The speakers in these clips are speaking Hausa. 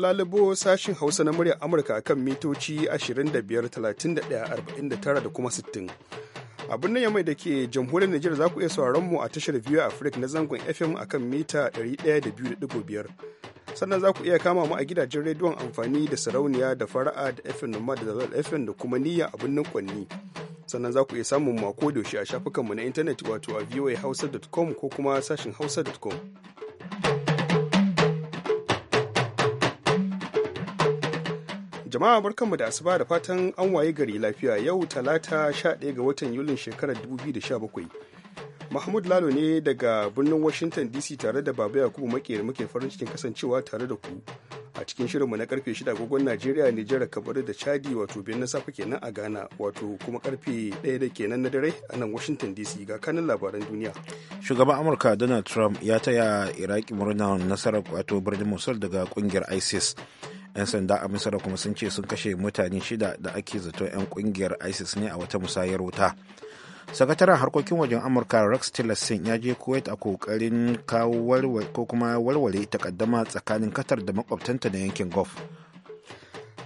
lalubo sashin Hausa na muryar Amurka kan mitoci 25, 31, 49 da kuma 60. abin nan mai da ke jamhuriyar Nijar za ku iya sauraron mu a tashar Viewer Africa na zangon FM akan mita 102.5. Sannan za ku iya kama mu a gidajen rediyon amfani da sarauniya da fara'a da FM na da Zalal FM da kuma niyya abin nan kwanni. Sannan za ku iya samun mako shi a shafukanmu na intanet wato a voahausa.com ko kuma sashin hausa.com. Jama'a barkanmu da asuba da fatan an waye gari lafiya yau talata 11 ga watan Yulin shekarar 2017. Mahmud Lalo ne daga birnin Washington DC tare da Baba Yakubu makera muke farin cikin kasancewa tare da ku. A cikin shirinmu na karfe 6 agogon Najeriya, Nijar, Kabaru da Chadi wato biyar na safe kenan a Ghana wato kuma karfe 1 da kenan na dare a nan Washington DC ga kanin labaran duniya. Shugaban Amurka Donald Trump ya taya Iraki murnar nasarar wato birnin Mosul daga kungiyar ISIS. 'yan sanda a misira kuma sun ce sun kashe mutane shida da ake zato 'yan kungiyar isis ne a wata musayar wuta sakataren harkokin wajen amurka rex tillerson ya je kuwait a kokarin kawo ko kuma warware takaddama tsakanin qatar da makwabtanta na yankin gulf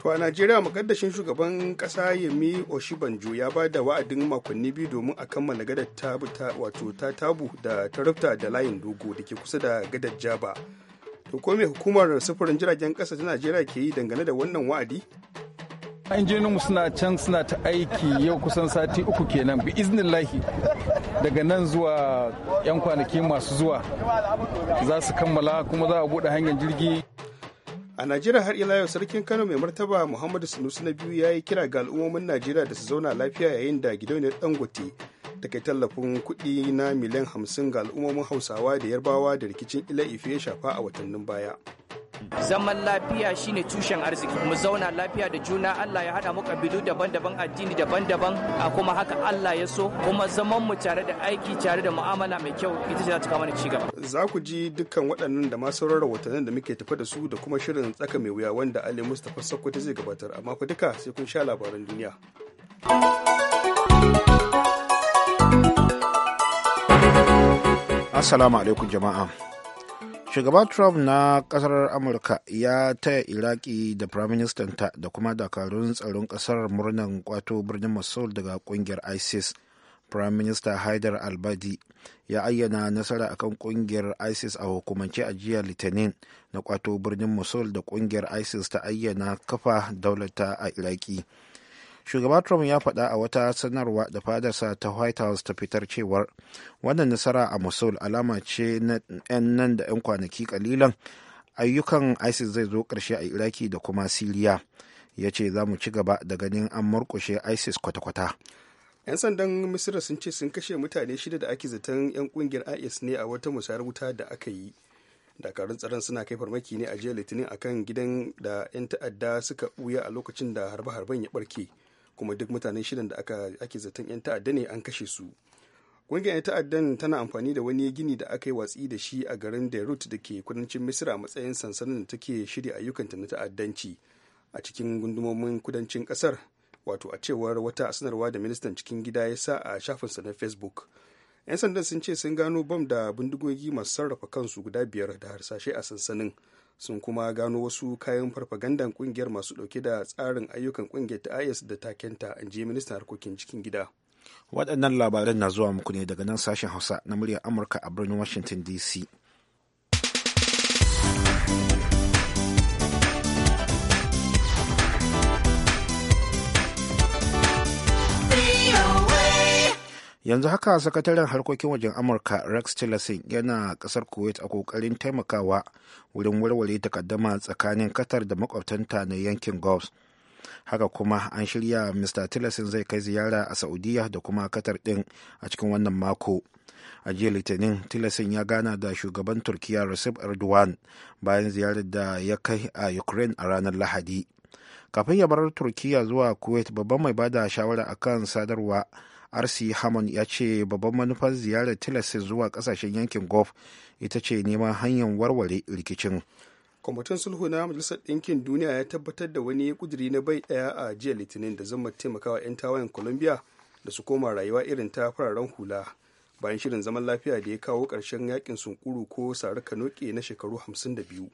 to a najeriya mukaddashin shugaban kasa yemi oshibanju ya ba da wa'adin makonni biyu domin a kammala gadar tabu wato ta tabu da tarafta da layin dogo da ke kusa da gadar jaba to ko me hukumar sufurin jiragen kasa ta najeriya ke yi dangane da wannan wa'adi injininmu suna can suna ta aiki yau kusan sati uku kenan bi iznillahi daga nan zuwa 'yan kwanaki masu zuwa za su kammala kuma za a buɗe hanyar jirgi a najeriya har ila yau sarkin kano mai martaba muhammadu sanusi na biyu ya yi kira ga al'ummomin najeriya da su zauna lafiya yayin da gidauniyar dangote da kai tallafin kuɗi na miliyan hamsin ga al'ummomin hausawa da yarbawa da rikicin ila ife ya shafa a watannin baya zaman lafiya shine tushen arziki mu zauna lafiya da juna Allah ya hada mu kabilu daban-daban addini daban-daban a kuma haka Allah ya so kuma zaman mu tare da aiki tare da mu'amala mai kyau ita ce za ta kawo mana cigaba za ku ji dukkan waɗannan da masu rarra watannin da muke tafa da su da kuma shirin tsaka mai wuya wanda Ali Mustafa Sokoto zai gabatar amma fa duka sai kun sha labaran duniya Assalamu alaikum jama'a. Shugaba Trump na kasar Amurka ya taya Iraki da ta da kuma dakarun tsaron kasar murnan kwato birnin Mosul daga kungiyar ISIS. Firaminista Haidar Albadi ya ayyana nasara akan kungiyar ISIS a hukumance a jiya Litinin na kwato birnin Mosul da kungiyar ISIS ta ayyana kafa daulata a Iraki. shugaba trump ya faɗa a wata sanarwa da fadarsa ta white house ta fitar cewar wannan nasara a mosul alama ce na 'yan nan da 'yan kwanaki kalilan ayyukan isis zai zo ƙarshe a iraki da kuma siriya ya ce za mu ci gaba da ganin an murkushe isis kwata-kwata 'yan sandan misira sun ce sun kashe mutane shida da ake zaton 'yan kungiyar is ne a wata musayar wuta da aka yi dakarun tsaron suna kai farmaki ne a jiya litinin akan gidan da 'yan ta'adda suka buya a lokacin da harbe-harben ya barke kuma duk mutane shidan da aka ake zaton 'yan ta'adda ne an kashe su ƙungiyar 'yan ta'addan tana amfani da wani gini da aka yi watsi da shi a garin beirut da ke kudancin misira a matsayin sansanin da take shirya ayyukanta na ta'addanci a cikin gundumomin kudancin kasar wato a cewar wata sanarwa da ministan cikin gida ya sa a shafinsa na facebook 'yan sandan sun ce sun gano bam da bindigogi masu sarrafa kansu guda biyar da harsashe a sansanin sun kuma gano wasu kayan farfagandan kungiyar masu dauke da tsarin ayyukan kungiyar ta is da takenta in je ministan harkokin cikin gida waɗannan labaran na zuwa muku ne daga nan sashen hausa na muryar amurka a birnin washington dc yanzu haka sakataren harkokin wajen amurka rex tillerson yana kasar kuwait a kokarin taimakawa wurin warware takaddama tsakanin qatar da makwabtanta na yankin gulf haka kuma an shirya mr tillerson zai kai ziyara a saudiya da kuma qatar din a cikin wannan mako a jiya litinin tillerson ya gana da shugaban turkiya recep erdogan bayan ziyarar da ya kai a ukraine a ranar lahadi kafin ya barar turkiya zuwa kuwait babban mai bada shawara akan sadarwa rc hammond ya ce babban manufar ziyarar tilasta zuwa kasashen yankin gulf ita ce neman hanyar warware rikicin kwamitin sulhu na majalisar ɗinkin duniya ya tabbatar da wani kuduri na bai ɗaya a jiya litinin da zama taimakawa 'yan tawayen colombia da su koma rayuwa irin ta fararen hula bayan shirin zaman lafiya da ya kawo ƙarshen yakin sunkuru ko sarika noke na shekaru da biyu.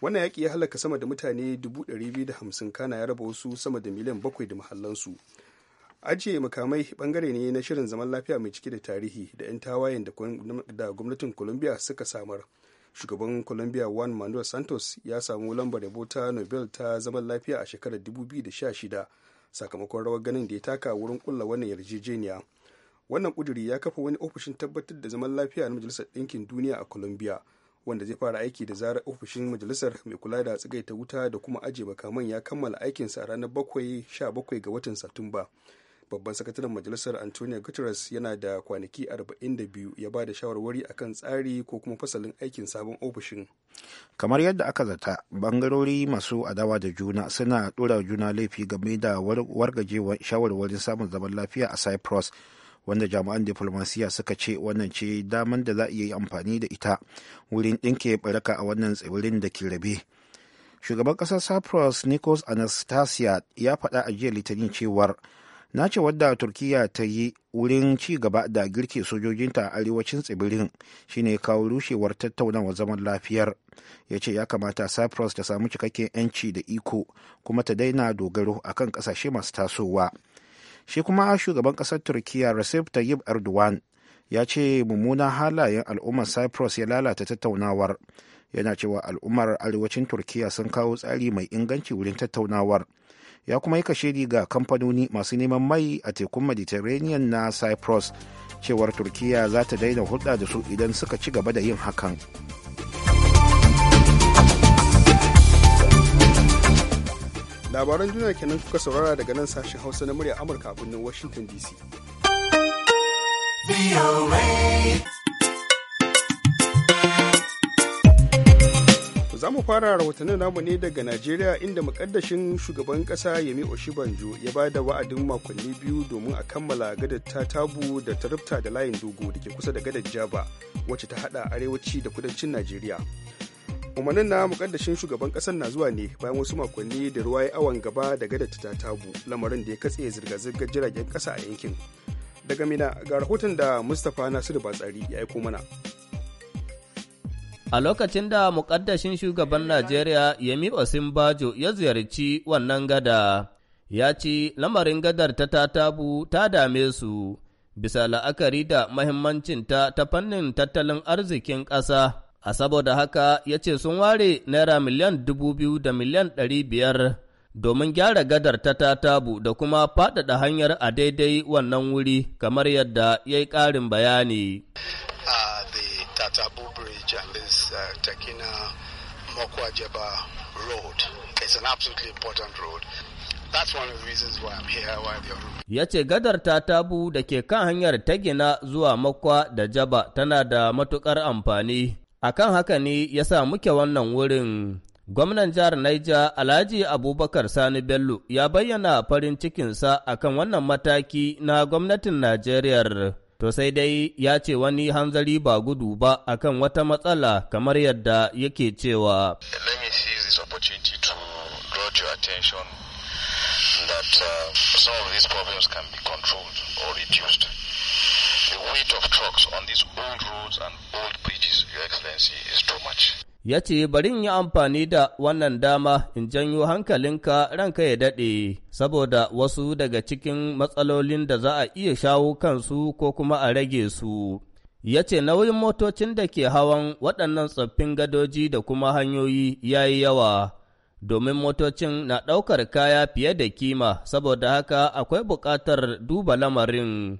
wannan yaƙi ya halaka sama da mutane 250 kana ya raba wasu sama da miliyan bakwai da mahallansu ajiye makamai bangare ne na shirin zaman lafiya mai ciki da tarihi da 'yan tawayen da gwamnatin columbia suka samar shugaban colombia juan manuel santos ya samu lambar yabo ta nobel ta zaman lafiya a shekarar 2016 sakamakon rawar ganin da ya taka wurin kulla wannan yarjejeniya wannan kuduri ya kafa wani ofishin tabbatar da zaman lafiya na majalisar ɗinkin duniya a columbia wanda zai fara aiki da zarar ofishin majalisar mai kula da ta wuta da kuma ajiye makaman ya kammala aikinsa a ranar 7 17 ga watan satumba babban sakataren majalisar antonio guterres yana da kwanaki 42 ya ba da shawarwari kan tsari ko kuma fasalin aikin sabon ofishin kamar yadda aka zata bangarori masu adawa da juna suna dora juna laifi game da wargajewa shawarwarin samun zaman lafiya a cyprus wanda jami'an diplomasiya suka ce wannan ce daman da za a iya yi amfani da ita wurin ɗinke baraka a wannan tsibirin da ke rabe shugaban ƙasar cyprus nikos anastasia ya faɗa a jiya litinin cewar na ce wadda turkiya ta yi wurin ci gaba da girke sojojinta a arewacin tsibirin shine kawo rushewar tattaunawa zaman lafiyar ya ce ya kamata cyprus ta samu cikakken 'yanci da iko kuma ta daina dogaro akan kasashe masu tasowa shi kuma shugaban kasar turkiya recep tayyip erdogan ya ce mummunan halayen al'ummar cyprus ya lalata tattaunawar yana cewa al'ummar arewacin turkiya sun kawo tsari mai inganci wurin tattaunawar ya kuma yi kashedi ga kamfanoni masu neman mai a tekun mediterranean na cyprus cewar turkiya za ta daina hulɗa da su idan suka ci gaba da yin hakan labaran duniya kenan kuka saurara daga nan sashen hausa na murya amurka a birnin washington dc za mu fara rahotannin namu ne daga najeriya inda mukaddashin shugaban kasa yemi oshibanjo ya ba da wa'adin makonni biyu domin a kammala gadar ta tabu da tarifta da layin dogo da ke kusa da gadar jaba wacce ta hada arewaci da kudancin najeriya umarnin na mukaddashin shugaban kasar na zuwa ne bayan wasu makonni da ruwa ya awon gaba da gadar ta tabu lamarin da ya katse zirga-zirgar jiragen kasa a yankin daga mina ga rahoton da mustapha nasiru batsari ya aiko mana A lokacin da muƙaddashin shugaban Najeriya Yemi Osinbajo ya ziyarci wannan gada, ya ci lamarin gadar ta tatabu ta dame su, bisa la'akari da mahimmancinta ta fannin tattalin arzikin ƙasa. A saboda haka ya ce sun ware naira miliyan dubu biyu da miliyan ɗari biyar domin gyara gadar ta tatabu da kuma faɗaɗa hanyar a daidai wannan wuri kamar yadda ya yi ƙarin bayani. Uh, Jambis uh, Takina Mokwajeba Road. It's an absolutely important road. That's one of the reasons why I'm here, why the Ya ce gadar ta tabu da ke kan hanyar ta gina zuwa makwa da jaba tana da matukar amfani. a kan haka ne ya sa muke wannan wurin. Gwamnan jihar Naija Alhaji Abubakar Sani Bello ya bayyana farin cikinsa akan wannan mataki na gwamnatin Najeriya. To sai dai ya ce wani hanzari ba gudu ba akan wata matsala kamar yadda yake cewa. Uh, The weight of trucks on these old roads and old bridges, Your Excellency, is too ya ce bari yi amfani da wannan dama in janyo hankalinka ranka ya daɗe saboda wasu daga cikin matsalolin da za a iya shawo kansu ko kuma a rage su. Ya ce nauyin motocin da ke hawan waɗannan tsoffin gadoji da kuma hanyoyi ya yi yawa, domin motocin na ɗaukar kaya fiye da kima saboda haka akwai buƙatar duba lamarin.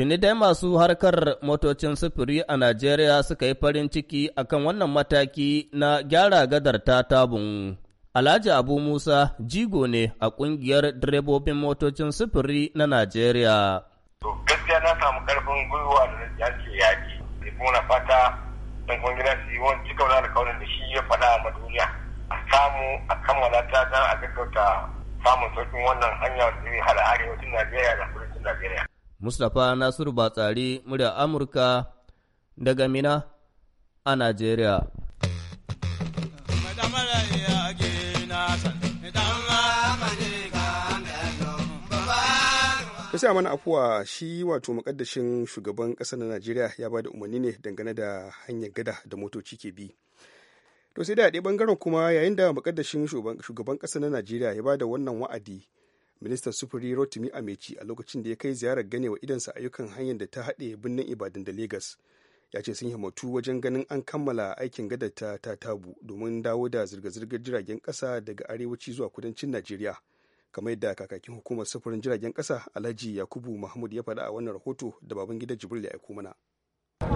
Tuni dai masu harkar motocin sufuri a Najeriya suka yi farin ciki akan wannan mataki na gyara gadar ta tabun. Alhaji Abu Musa jigo ne a ƙungiyar direbobin motocin sufuri na Najeriya. To gaskiya na samu karfin gwiwa da yake yaki. Muna fata don kuma gida su yi wani cika wani alkawarin da shi ya faɗa a duniya. A samu a kammala ta a gaggauta samun sauƙin wannan hanyar da zai hada arewacin Najeriya da kudancin Najeriya. Mustapha Nasiru Batsari murya Amurka daga Mina a Najeriya. Kasa mana afuwa shi wato makaddashin shugaban ƙasar na Najeriya ya ba da umarni ne dangane da hanyar gada da motoci ke bi. To sai da ɗaya ɓangaren kuma yayin da makaddashin shugaban ƙasar na Najeriya ya ba da wannan wa'adi ministan sufuri rotimi ameci a lokacin da ya kai ziyarar ganewa idansa ayyukan hanyar da ta haɗe birnin ibadan da Legas, ya ce sun himmatu wajen ganin an kammala aikin gadata ta tabu domin dawo da zirga-zirgar jiragen ƙasa daga arewaci zuwa kudancin najeriya kamar yadda kakakin hukumar sufurin jiragen ƙasa alhaji yakubu mahmud ya faɗa a wannan rahoto da baban gida jibril ya aiko mana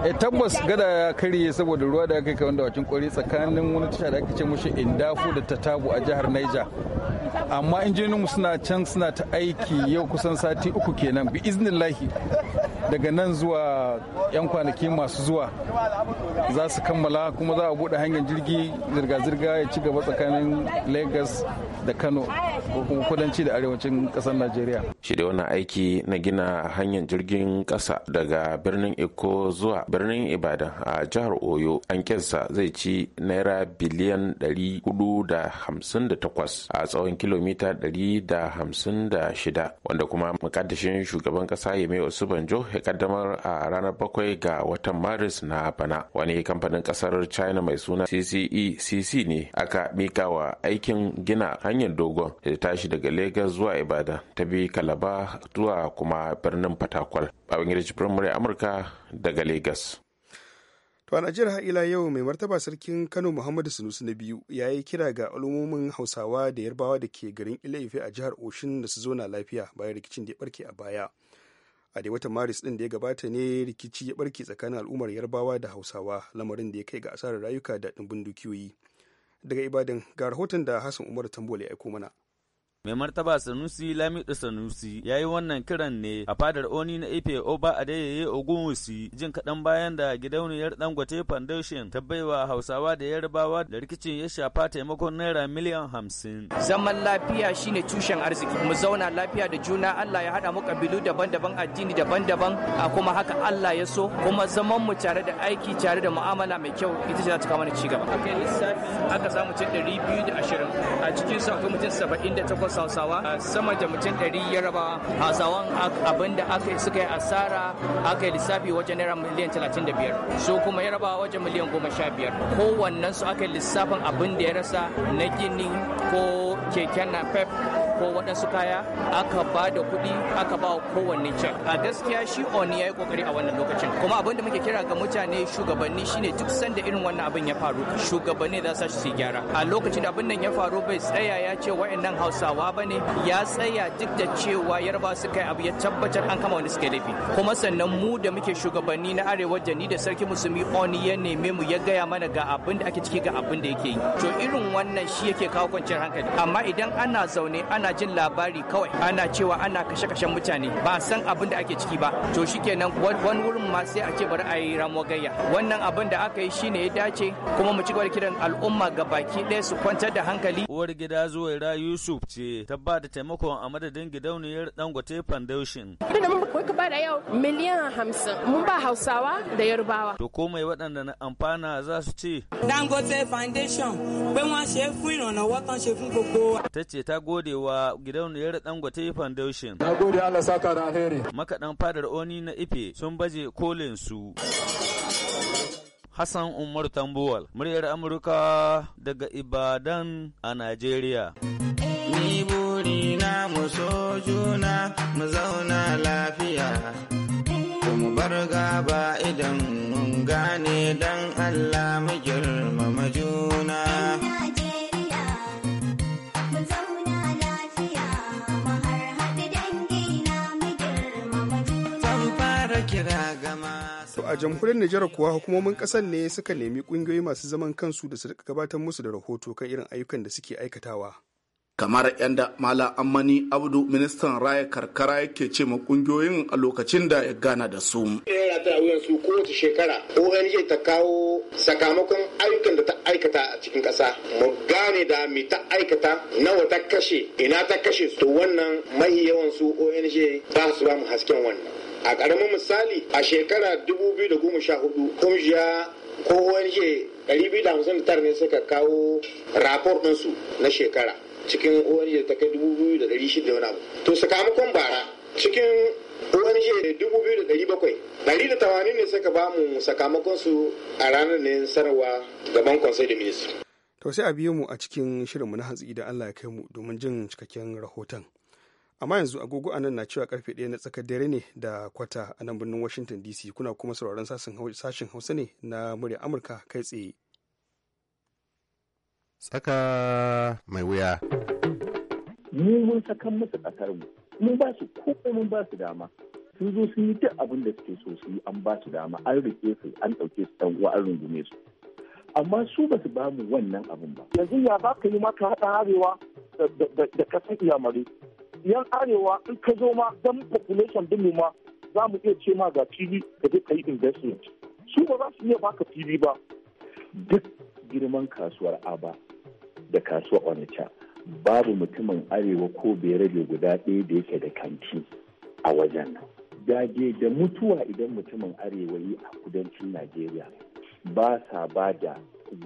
e tabbas gada ya karye saboda ruwa da aka kai wanda wakin kwari tsakanin wani tasha da aka ce mushi indafu da tatabu a jihar Niger amma injininmu suna can suna ta aiki yau kusan sati uku kenan bi lahi daga nan zuwa 'yan kwanaki masu zuwa za su kammala kuma za a buɗe hanyar jirgi zirga-zirga ya ci gaba tsakanin lagos da kano ko kuma kudanci da arewacin kasar najeriya shi da wannan aiki na gina hanyar jirgin kasa daga birnin eko zuwa birnin ibadan a jihar oyo an kensa zai ci naira biliyan 458 a tsawon kilomita 156 wanda kuma makaddashin shugaban kasa yemi osubanjo ya kaddamar a ranar bakwai ga watan maris na bana wani kamfanin kasar china mai suna cce cc ne aka mika wa aikin gina hanyar hanyar dogon da tashi daga lagos zuwa Ibadan ta bi Kalaba zuwa kuma birnin Fatakwal. Babangida Jibrin firamare Amurka daga lagos. To a Najeriya har ila yau mai martaba sarkin Kano Muhammadu Sunusu na biyu ya yi kira ga al'ummomin Hausawa da Yarbawa da ke garin Ilaife a jihar Oshin da su zo na lafiya bayan rikicin da ya barke a baya. A dai watan Maris din da ya gabata ne rikici ya barke tsakanin al'ummar Yarbawa da Hausawa lamarin da ya kai ga asarar rayuka da ɗumbin dukiyoyi. daga ibadan ga rahoton da hassan umar tambole ya aiko mana Mai martaba Sanusi Lamido Sanusi ya yi wannan kiran ne a fadar Oni na Ife Oba Adeyeye Ogunwusi jin kaɗan bayan da gidauniyar Dangote Foundation ta baiwa Hausawa da Yarbawa da rikicin ya shafa taimakon naira miliyan hamsin. Zaman lafiya shine tushen arziki. Mu zauna lafiya da juna Allah ya haɗa mu kabilu daban-daban addini daban-daban a kuma haka Allah ya so kuma zaman mu tare da aiki tare da mu'amala mai kyau ita ce za ta kawo mana ci gaba. Aka lissafi aka samu da 220 a cikin sa akwai mutum 78 sausawa sama da mutum ɗari yaraba Hausawan abin da aka suka yi asara aka yi lissafi wajen naira miliyan 35 su kuma yaraba wajen miliyan sha 15 kowannen su aka yi lissafin abin da ya rasa na gini ko keken na pep ko waɗansu kaya aka ba da kuɗi aka ba kowanne can. a gaskiya shi oni ya yi kokari a wannan lokacin kuma abin da muke kira ga mutane shugabanni shine duk sanda irin wannan abin ya faru shugabanni za su gyara a lokacin da abin nan ya faru bai tsaya ya ce wa'annan hausawa ba ne ya tsaya duk da cewa yarba su kai abu ya tabbatar an kama wani suke laifi kuma sannan mu da muke shugabanni na arewa da ni da sarki musulmi oni ya neme mu ya gaya mana ga abin da ake ciki ga abin da yake yi to irin wannan shi yake kawo kwanciyar hankali amma idan ana zaune ana ana jin labari kawai ana cewa ana kashe-kashen mutane ba san abin da ake ciki ba to shikenan wani wurin ma sai a ce bari a yi ramo gayya wannan abin da aka yi shine ya dace kuma mu ci gaba da kiran al'umma ga baki ɗaya su kwantar da hankali uwar gida ra yusuf ce ta ba da taimakon a madadin gidauniyar dangote foundation da muka ba da yau miliyan hamsin mun ba hausawa da yarbawa to komai waɗanda na amfana za su ce dangote foundation pé wa ṣe fún ìrànlọ́wọ́ tán ṣe fún gbogbo ta ce ta gode wa wa gidauniyar Dangote Foundation. Na gode Allah saka da alheri. Makaɗan fadar Oni na Ife sun baje kolin su. Hassan Umar Tambuwal, muryar Amurka daga Ibadan a Najeriya. Ni buri na muso juna mu zauna lafiya, mu bar gaba idan mun gane dan Allah mu girmama juna. a jamhuriyar Nijar kuwa hukumomin kasar ne suka nemi ƙungiyoyi masu zaman kansu da su gabatar musu da rahoto kan irin ayyukan da suke aikatawa. kamar yan yadda mala ammani abdu ministan raya karkara yake ce ma kungiyoyin a lokacin da ya gana da su ta wuyan su kowace shekara ong ta kawo sakamakon ayyukan da ta aikata a cikin kasa mu gane da ta aikata nawa ta kashe ina ta kashe su wannan mahi yawan su ong ba su ba mu hasken wannan a ƙaramin misali a shekara 2014 kungiya ko ONG 259 ne suka kawo rapor ɗinsu na shekara cikin ONG ta kai 2,600 wani abu. To sakamakon bara cikin ONG 2,700 ɗari da tamanin ne suka bamu sakamakon su a ranar ne sanarwa gaban Conseil de Ministre. To sai a biyo mu a cikin shirinmu na hantsi idan Allah ya kai mu domin jin cikakken rahoton. amma yanzu agogo anan na cewa karfe ɗaya na tsakar dare ne da kwata a nan birnin washington dc kuna kuma sauraron sashen hausa ne na murya amurka kai tsaye tsaka mai wuya mu mun musu ƙasar mu mun ba su ko mun ba su dama sun zo sun yi duk abin da suke so su yi an ba su dama an rike su an ɗauke su ɗan uwa an rungume su amma su ba su ba mu wannan abin ba yanzu ya ba ka yi maka haɗa harewa da kasar iyamare yan arewa in ka zo ma dan population din ma za mu iya ce ma ga TV ka je ka investment su ba za su iya baka TV ba duk girman kasuwar aba da kasuwar onitsha babu mutumin arewa ko berebe guda ɗaya da yake da kanti a wajen nan da mutuwa idan mutumin arewa yi a kudancin najeriya ba sa ba da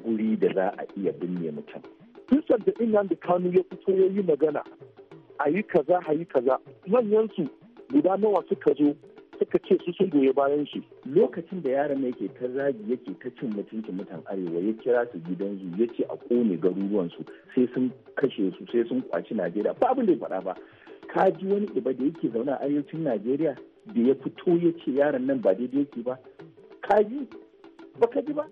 guri da za a iya binne mutum. Tusan da Inland kanu ya fito ya yi magana a yi kaza a yi kaza manyan su guda nawa suka zo suka ce su sun goyi bayan shi lokacin da yaron yake ta zagi yake ta cin mutuncin mutan arewa ya kira su gidan zu ya ce a kone garuruwan su sai sun kashe su sai sun kwaci najeriya ba abin da ya faɗa ba ka ji wani iba da yake zauna a arewacin najeriya da ya fito ya ce yaron nan ba daidai yake ba ka ji ba ka ji ba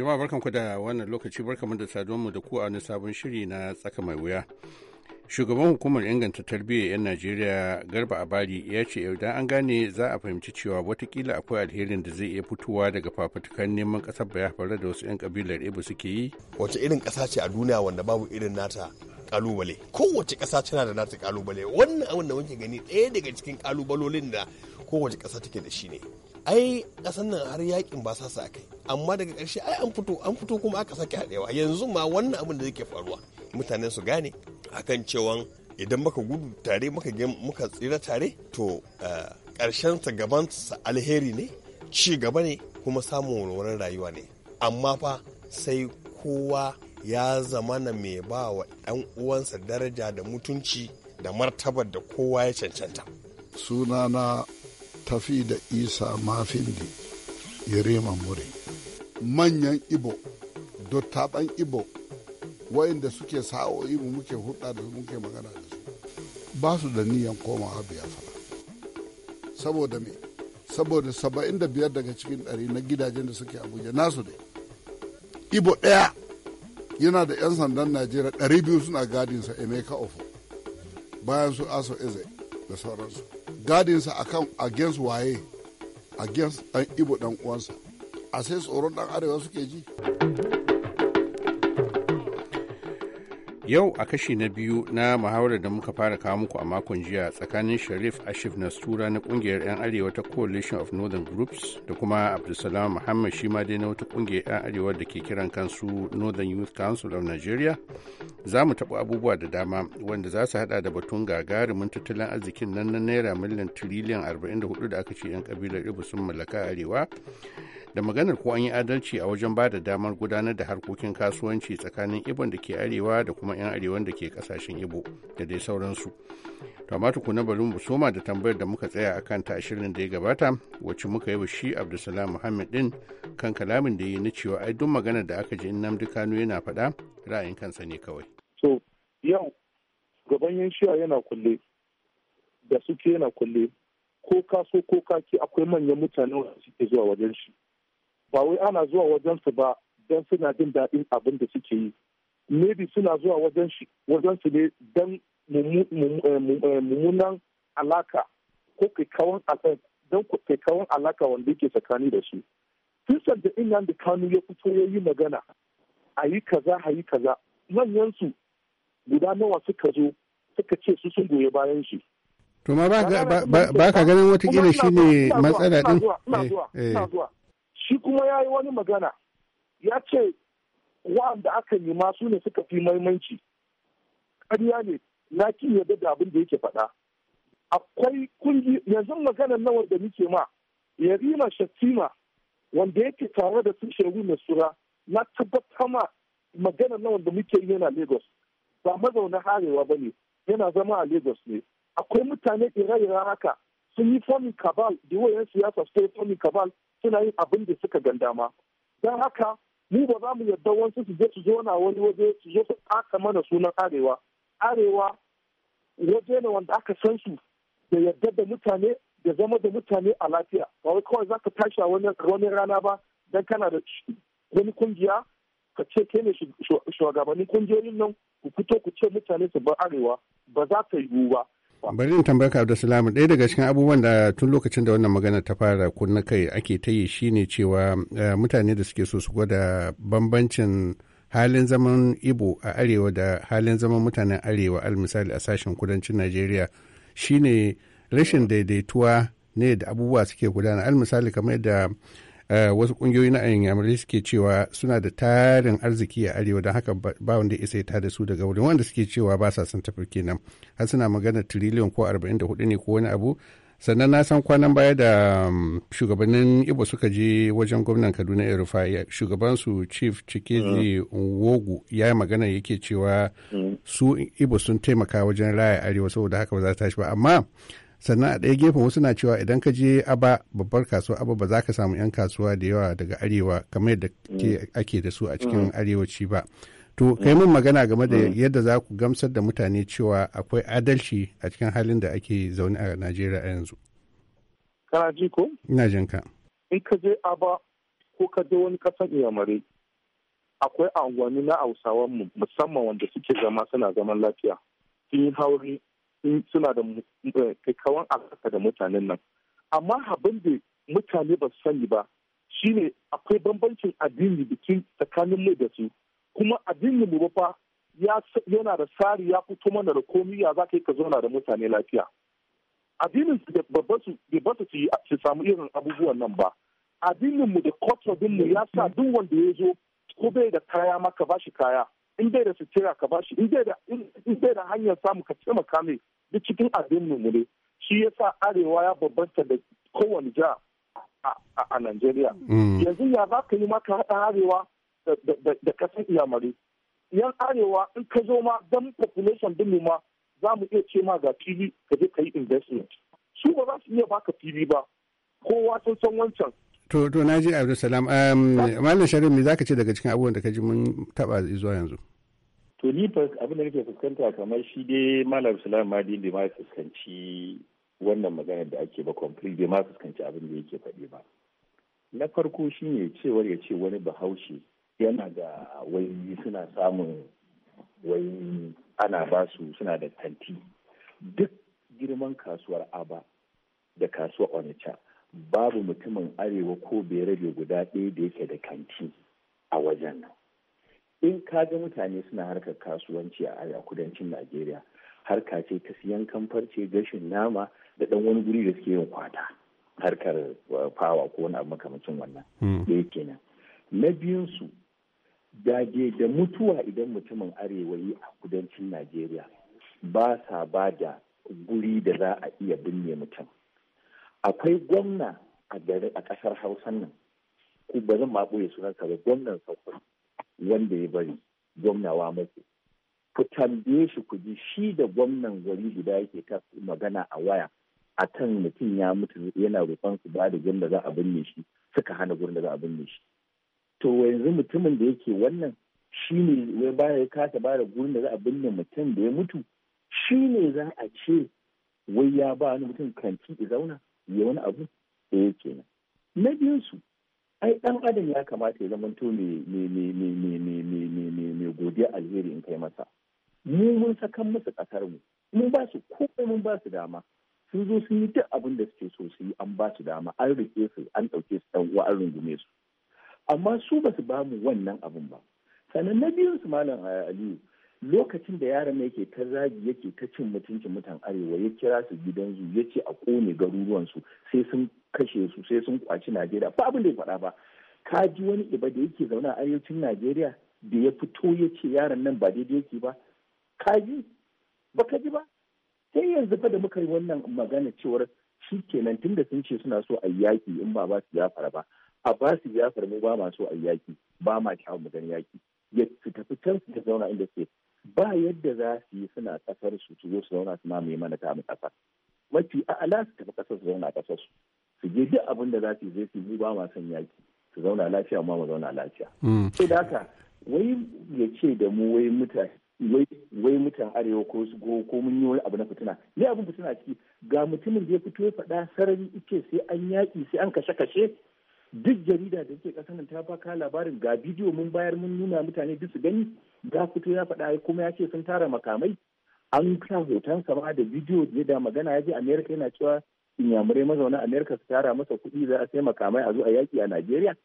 Jama'a barkan da wannan lokaci barkanmu da saduwanmu da ku a wani sabon shiri na tsaka mai wuya. Shugaban hukumar inganta tarbiyyar 'yan Najeriya Garba Abari ya ce idan an gane za a fahimci cewa watakila akwai alherin da zai iya fitowa daga fafutukan neman ƙasar bayafara da wasu 'yan kabilar Ibo suke yi. Wace irin ƙasa ce a duniya wanda babu irin nata kalubale kowace ƙasa tana da nata kalubale wannan abin da muke gani ɗaya daga cikin kalubalolin da kowace ƙasa take da shi ne ai ƙasar nan har yakin ba sa sa amma daga ƙarshe ai an fito an fito kuma aka sake haɗewa yanzu ma wannan abin da yake faruwa mutane su gane akan cewa idan muka gudu tare muka muka tsira tare to eh, ƙarshen sa gaban alheri ne ci gaba ne kuma samun walwalar rayuwa ne amma fa sai kowa ya zamana mai ba wa ɗan uwansa daraja da mutunci da martabar da kowa ya cancanta. Sunana tafi da Isa Mafindi, rema Mure. manyan ibo dottaban ibo wayanda suke sa'o'i mu muke hudda da su muke magana da su ba su da niyan komawa biyafra saboda me saboda saba'in da biyar daga cikin ɗari na gidajen da suke abuja nasu ne ibo ɗaya yana da 'yan sandan najeriya ɗari biyu suna gadinsa emeka ofo bayan su aso eze da sauransu gadinsa a kan against waye against ɗan ibo ɗan uwansa a sai tsoron dan arewa suke ji yau a kashi na biyu na muhawarar da muka fara kawo muku a makon jiya tsakanin sharif ashif nastura na kungiyar 'yan arewa ta coalition of northern groups da kuma abdulsalam muhammad shi ma dai na wata kungiyar 'yan arewa da ke kiran kansu northern youth council of nigeria za mu taɓa abubuwa da dama wanda za su hada da batun gagarumin tattalin arzikin nan na naira miliyan tiriliyan 44 da aka ce 'yan kabilar ibu sun mallaka arewa da maganar ko an yi adalci a wajen ba da damar gudanar da harkokin kasuwanci tsakanin ibon da ke arewa da kuma 'yan arewan da ke kasashen ibo da dai sauransu to amma na bari mu soma da tambayar da muka tsaya a kan ashirin da ya gabata wacce muka yi wa shi abdulsalam muhammad din kan kalamin da ya yi na cewa ai duk maganar da aka ji in namdi kano yana faɗa ra'ayin kansa ne kawai so yau gaban yan shiya yana kulle da suke yana kulle ko kaso ko kaki akwai manyan mutane wanda suke zuwa wajen shi ba wai ana zuwa wajen su ba don suna jin daɗin abin da suke yi maybe suna zuwa wajen su ne don eh, eh, mummunan alaka ko kaikawan don kaikawan alaka wanda yake tsakani da su tun sanda inyan da kanu ya fito ya yi magana a yi kaza a yi kaza manyan su guda nawa suka zo suka ce su sun goye bayan shi to ma ba ka ganin watakila shi ne matsala din shi kuma ya yi wani magana ya ce wa'anda aka nema su ne suka fi maimanci ƙarya ne na ki yarda da abin da yake faɗa akwai kungi yanzu maganar nawa da muke ma yarima shatima wanda yake tare da sun shegu mai sura na tabbata ma maganar nawa da muke yana lagos ba mazauna harewa ba ne yana zama a lagos ne akwai mutane ire-iren haka sun yi fomin kabal da wayan siyasa su yi fomin kabal suna yin abin da suka gan dama don haka mu ba za mu yarda wasu su je su zo na wani waje su zo su aka mana sunan arewa arewa waje ne wanda aka san su da yarda da mutane da zama da mutane a lafiya ba wai kawai za ka tashi a wani rana ba don kana da wani kungiya ka ce ke ne shugabannin kungiyoyin nan ku fito ku ce mutane su bar arewa ba za ta yiwu ba bari in tambaya ka Abdulsalam ɗaya daga cikin abubuwan da tun lokacin da wannan magana ta fara kunna kai ake ta yi shine cewa eh, mutane da suke so su gwada bambancin halin zaman Ibo a arewa da halin zaman mutanen arewa al misali a sashen kudancin Najeriya shine rashin daidaituwa ne da abubuwa suke gudana al misali kamar da Eh, wasu kungiyoyi na inyamurai suke cewa suna da tarin arziki a arewa don haka ba wanda isa ya da su daga wurin wanda suke cewa ba sa son tafi kenan har suna magana tiriliyon ko arba'in 44 ne ko wani abu sannan na san kwanan baya da um, shugabannin ibo suka je wajen gwamnan kaduna shugaban su chief cikezi wogu ya yi magana yake cewa mm. su ibo sun taimaka wajen raya arewa saboda haka ba za ta shi ba amma sannan a ɗaya gefen wasu na cewa idan ka je aba babbar kasuwa aba ba za ka samu 'yan kasuwa da yawa daga arewa kamar yadda mm. ake da su a cikin mm. arewaci ba to kai mun magana game da mm. yadda za ku gamsar da mutane cewa akwai adalci a cikin halin da ake zaune a najeriya a yanzu kana ji jin ka in ka je aba ko ka je wani kasan iyamare akwai unguwanni na hausawan mu musamman wanda suke zama suna zaman lafiya sun yi hauri suna da eh, kaikawan alaka da mutanen nan amma abin da mutane ba su sani ba shine akwai bambancin addini bikin tsakanin mu da su kuma addinin mu fa yana da tsari ya fito mana da komi ya za ka yi ka zauna da mutane lafiya addinin su da babban su bai ba su samu irin abubuwan nan ba addinin mu da kotu mu ya sa duk wanda ya zo ko bai da kaya maka ba shi kaya in bai da sutura ka bashi in bai da hanyar samu ka taimaka mai duk cikin abin mu ne shi yasa arewa ya babbanta da kowane ja a Najeriya. Mm. Yanzu ya za ka yi maka haɗa arewa da ƙasar iyamare Yan arewa in ka zo ma don population din ma za mu iya ce ma ga fili ka je ka yi investment. Su ba za su iya baka fili ba. Kowa sun san wancan. To, to, na ji Abdulsalam. Malam Sharif, me za ka ce daga cikin abubuwan da ka ji mun taɓa zuwa yanzu? to ni abin da nake fuskanta kamar shi dai malam sulaiman madi bai ma fuskanci wannan maganar da ake ba complete bai ma fuskanci abin da yake faɗi ba na farko shine cewar ya ce wani bahaushe yana da wai suna samun wai ana ba su suna da kanti duk girman kasuwar aba da kasuwar onitsha babu mutumin arewa ko berabe guda ɗaya da yake da kanti a wajen nan in ka ga mutane suna harkar kasuwanci a arewa kudancin najeriya harka ce ta siyan kamfarce gashin nama da dan wani guri da suke yin kwata harkar fawa ko wani abu makamacin wannan hmm. da yake nan na su dage da mutuwa idan mutumin arewa yi a kudancin najeriya ba sa ba da guri da za a iya binne mutum akwai gwamna a ƙasar hausan nan ku ba zan ma ɓoye sunan ka ba gwamnan sokoto wanda ya bari gwamnawa mace ku tambaye shi ku ji shi da gwamnan gari guda yake ta magana a waya a kan mutum ya mutu yana roƙon su ba da gurin da za a binne shi suka hana gurin da za a binne shi to yanzu mutumin da yake wannan shi ne wai baya ya kasa ba da gurin da za a binne mutum da ya mutu shi ne za a ce wai ya ba wani mutum kanti ya zauna ya wani abu da eh, ya kenan na biyun su ai dan adam ya kamata ya zamanto mai godiya alheri in kai masa mu mun sakan musu kasar mu mun ba su komai mun ba su dama sun zo sun yi duk abin da suke so su yi an ba su dama an rike su an ɗauke su dan uwa an rungume su amma su ba su ba mu wannan abin ba sannan na biyun su malam aliyu lokacin da yaron yake ta zagi yake ta cin mutuncin mutan arewa ya kira su gidansu ya ce a kone garuruwansu sai sun kashe su sai sun kwaci najeriya ba abin da ya faɗa ba ka ji wani iba da yake zaune a arewacin najeriya da ya fito ya ce yaron nan ba daidai yake ba ka ji ba ka ji ba sai yanzu fa da muka yi wannan magana cewar shi kenan tun da sun ce suna so a yaƙi in ba ba su fara ba a ba su fara mu ba ma so a yaƙi ba ma kyawun mu yaƙi ya su tafi can su ta zauna inda suke ba yadda za su yi suna kasar su su zo su zauna su mamaye mana ta mu kasa mafi a'ala su tafi kasar su zauna kasar su su je duk abin da za su yi su yi ba ma son yaki su zauna lafiya ma mu zauna lafiya mm. sai da haka wai ya ce da mu wai mutane wai mutan arewa ko su go ko mun yi wani abu na fitina ne abin fitina ciki ga mutumin da ya fito ya faɗa sarari ike sai an yaƙi sai an kashe kashe duk jarida da ke nan ta baka labarin ga bidiyo mun bayar mun nuna mutane duk su gani ga fito ya faɗa kuma ya ce sun tara makamai an sa hoton sama da bidiyo da da magana ya je amerika yana cewa inyamurai mazauna amerika su tara masa kuɗi za a sai makamai a zo a yaƙi a najeriya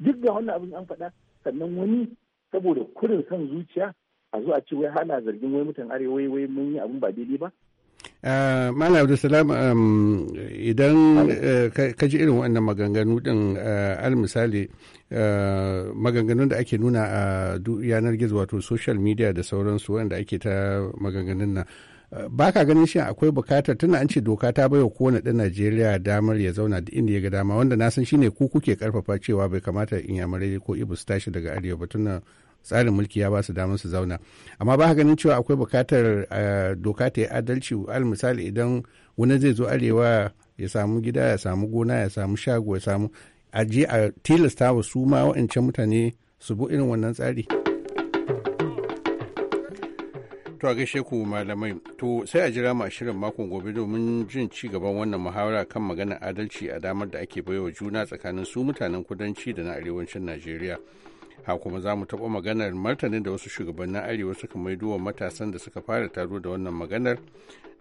duk ga wannan abin an faɗa sannan wani saboda kurin son zuciya a zo a ce wai hana zargin wai mutan arewa wai mun yi abin ba daidai ba Eh, Malam Abdulsalam idan eh, ka ji irin wannan maganganu din eh, al misali maganganun da ake nuna a yanar gizo wato social media da sauransu wanda ake ta maganganun nan. ba ka ganin shi akwai bukatar tana an ce doka ta baiwa kowane ɗan najeriya damar ya zauna da inda ya ga dama wanda na san shine ku kuke karfafa cewa bai kamata in yamare ko ibu su tashi daga arewa ba tuna tsarin mulki ya ba su damar su zauna amma ba ganin cewa akwai bukatar doka ta yi adalci al misali idan wani zai zo arewa ya samu gida ya samu gona ya samu shago ya samu aje a tilasta wa su ma wa'ancan mutane su bu irin wannan tsari. To a gaishe ku malamai, to sai a jira mu a shirin makon gobe domin jin ci gaban wannan muhawara kan maganar adalci a damar da ake baiwa juna tsakanin su mutanen kudanci da na arewacin Najeriya. ha kuma za mu taɓa maganar martanin da wasu shugabannin arewa suka maido wa matasan da suka fara taro da wannan maganar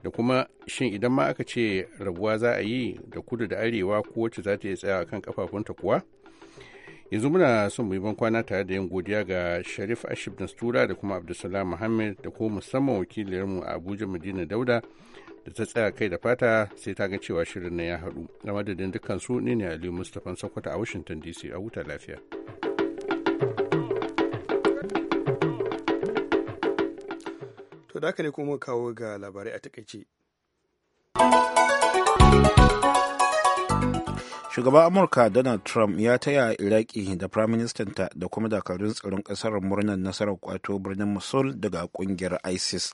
da kuma shin idan ma aka ce rabuwa za a yi da kudu da arewa ko wacce za ta iya tsaya kan kafafunta kuwa yanzu muna son mu kwana tare da yin godiya ga sharif ashib nastura da kuma abdulsalam muhammad da ko musamman wakilinmu a abuja madina dauda da ta tsaya kai da fata sai ta ga cewa shirin na ya haɗu a madadin dukkan su ne ne aliyu mustapha sokoto a washington dc a huta lafiya to da ne kuma kawo ga labarai a takaice shugaban amurka donald trump ya taya iraki da firaministanta da kuma dakarun tsaron kasar murnar nasarar kwato birnin mosul daga kungiyar isis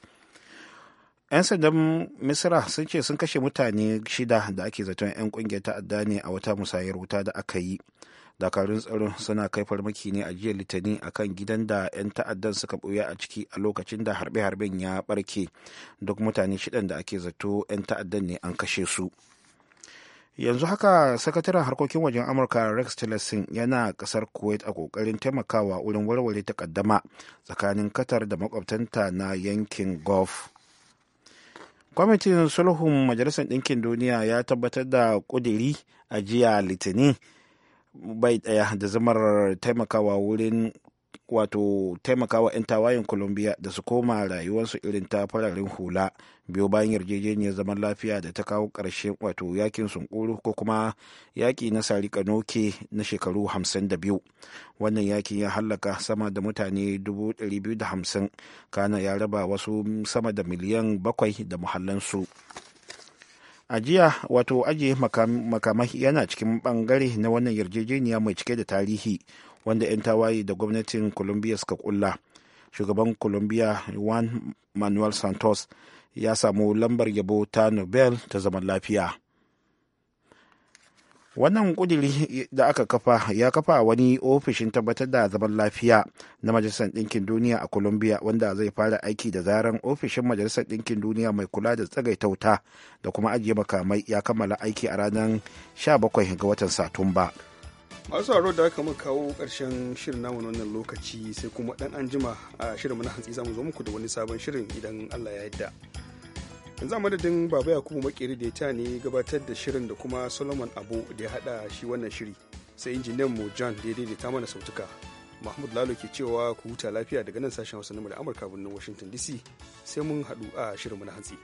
'yan sandan misira sun ce sun kashe mutane shida da ake zaton 'yan kungiyar ta'adda ne a wata musayar wuta da aka yi dakarun tsaron suna kai farmaki ne a jiya litani a kan gidan da 'yan ta'addan suka ɓuya a ciki a lokacin da harbe-harben ya barke duk mutane shidan da ake zato 'yan ta'addan ne an kashe su yanzu haka sakataren harkokin wajen amurka rex tillerson yana kasar kuwait a kokarin taimakawa wurin warware takaddama tsakanin qatar da makwabtanta na yankin gulf kwamitin sulhun majalisar ɗinkin duniya ya tabbatar da ƙudiri a jiya litinin bai ɗaya da zamar taimakawa wurin wato taimakawa 'yan tawayen colombia da su koma rayuwarsu irin ta fararen hula biyo bayan yarjejeniyar zaman lafiya da ta kawo ƙarshen wato yakin sunkuru ko kuma yaƙi na sari kanoke na shekaru 52 wannan yakin ya hallaka sama da mutane 250 kana ya raba wasu sama da miliyan 7 da muhallansu. a jiya wato ajiye makamai yana cikin bangare na wannan yarjejeniya mai cike da tarihi wanda 'yan tawaye da gwamnatin colombia suka kulla shugaban colombia juan manuel santos ya samu lambar yabo ta nobel ta zaman lafiya wannan kudiri da aka kafa ya kafa wani ofishin tabbatar da zaman lafiya na majalisar ɗinkin duniya a colombia wanda zai fara aiki da zaran ofishin majalisar ɗinkin duniya mai kula da tsagaitauta da kuma ajiye makamai ya kammala aiki a ranar 17 ga watan satumba masu haro da aka kawo ƙarshen shirin namu wannan lokaci sai kuma ɗan anjima a shirin na hantsi zamu zo muku da wani sabon shirin idan allah ya yadda yanzu a madadin baba yakubu makeri da ya ta ne gabatar da shirin da kuma solomon abu da ya hada shi wannan shiri sai injiniyan mu john da ya daidaita mana sautuka mahmud lalo ke cewa ku huta lafiya daga nan sashen hausa na amurka birnin washington dc sai mun haɗu a shirinmu na hantsi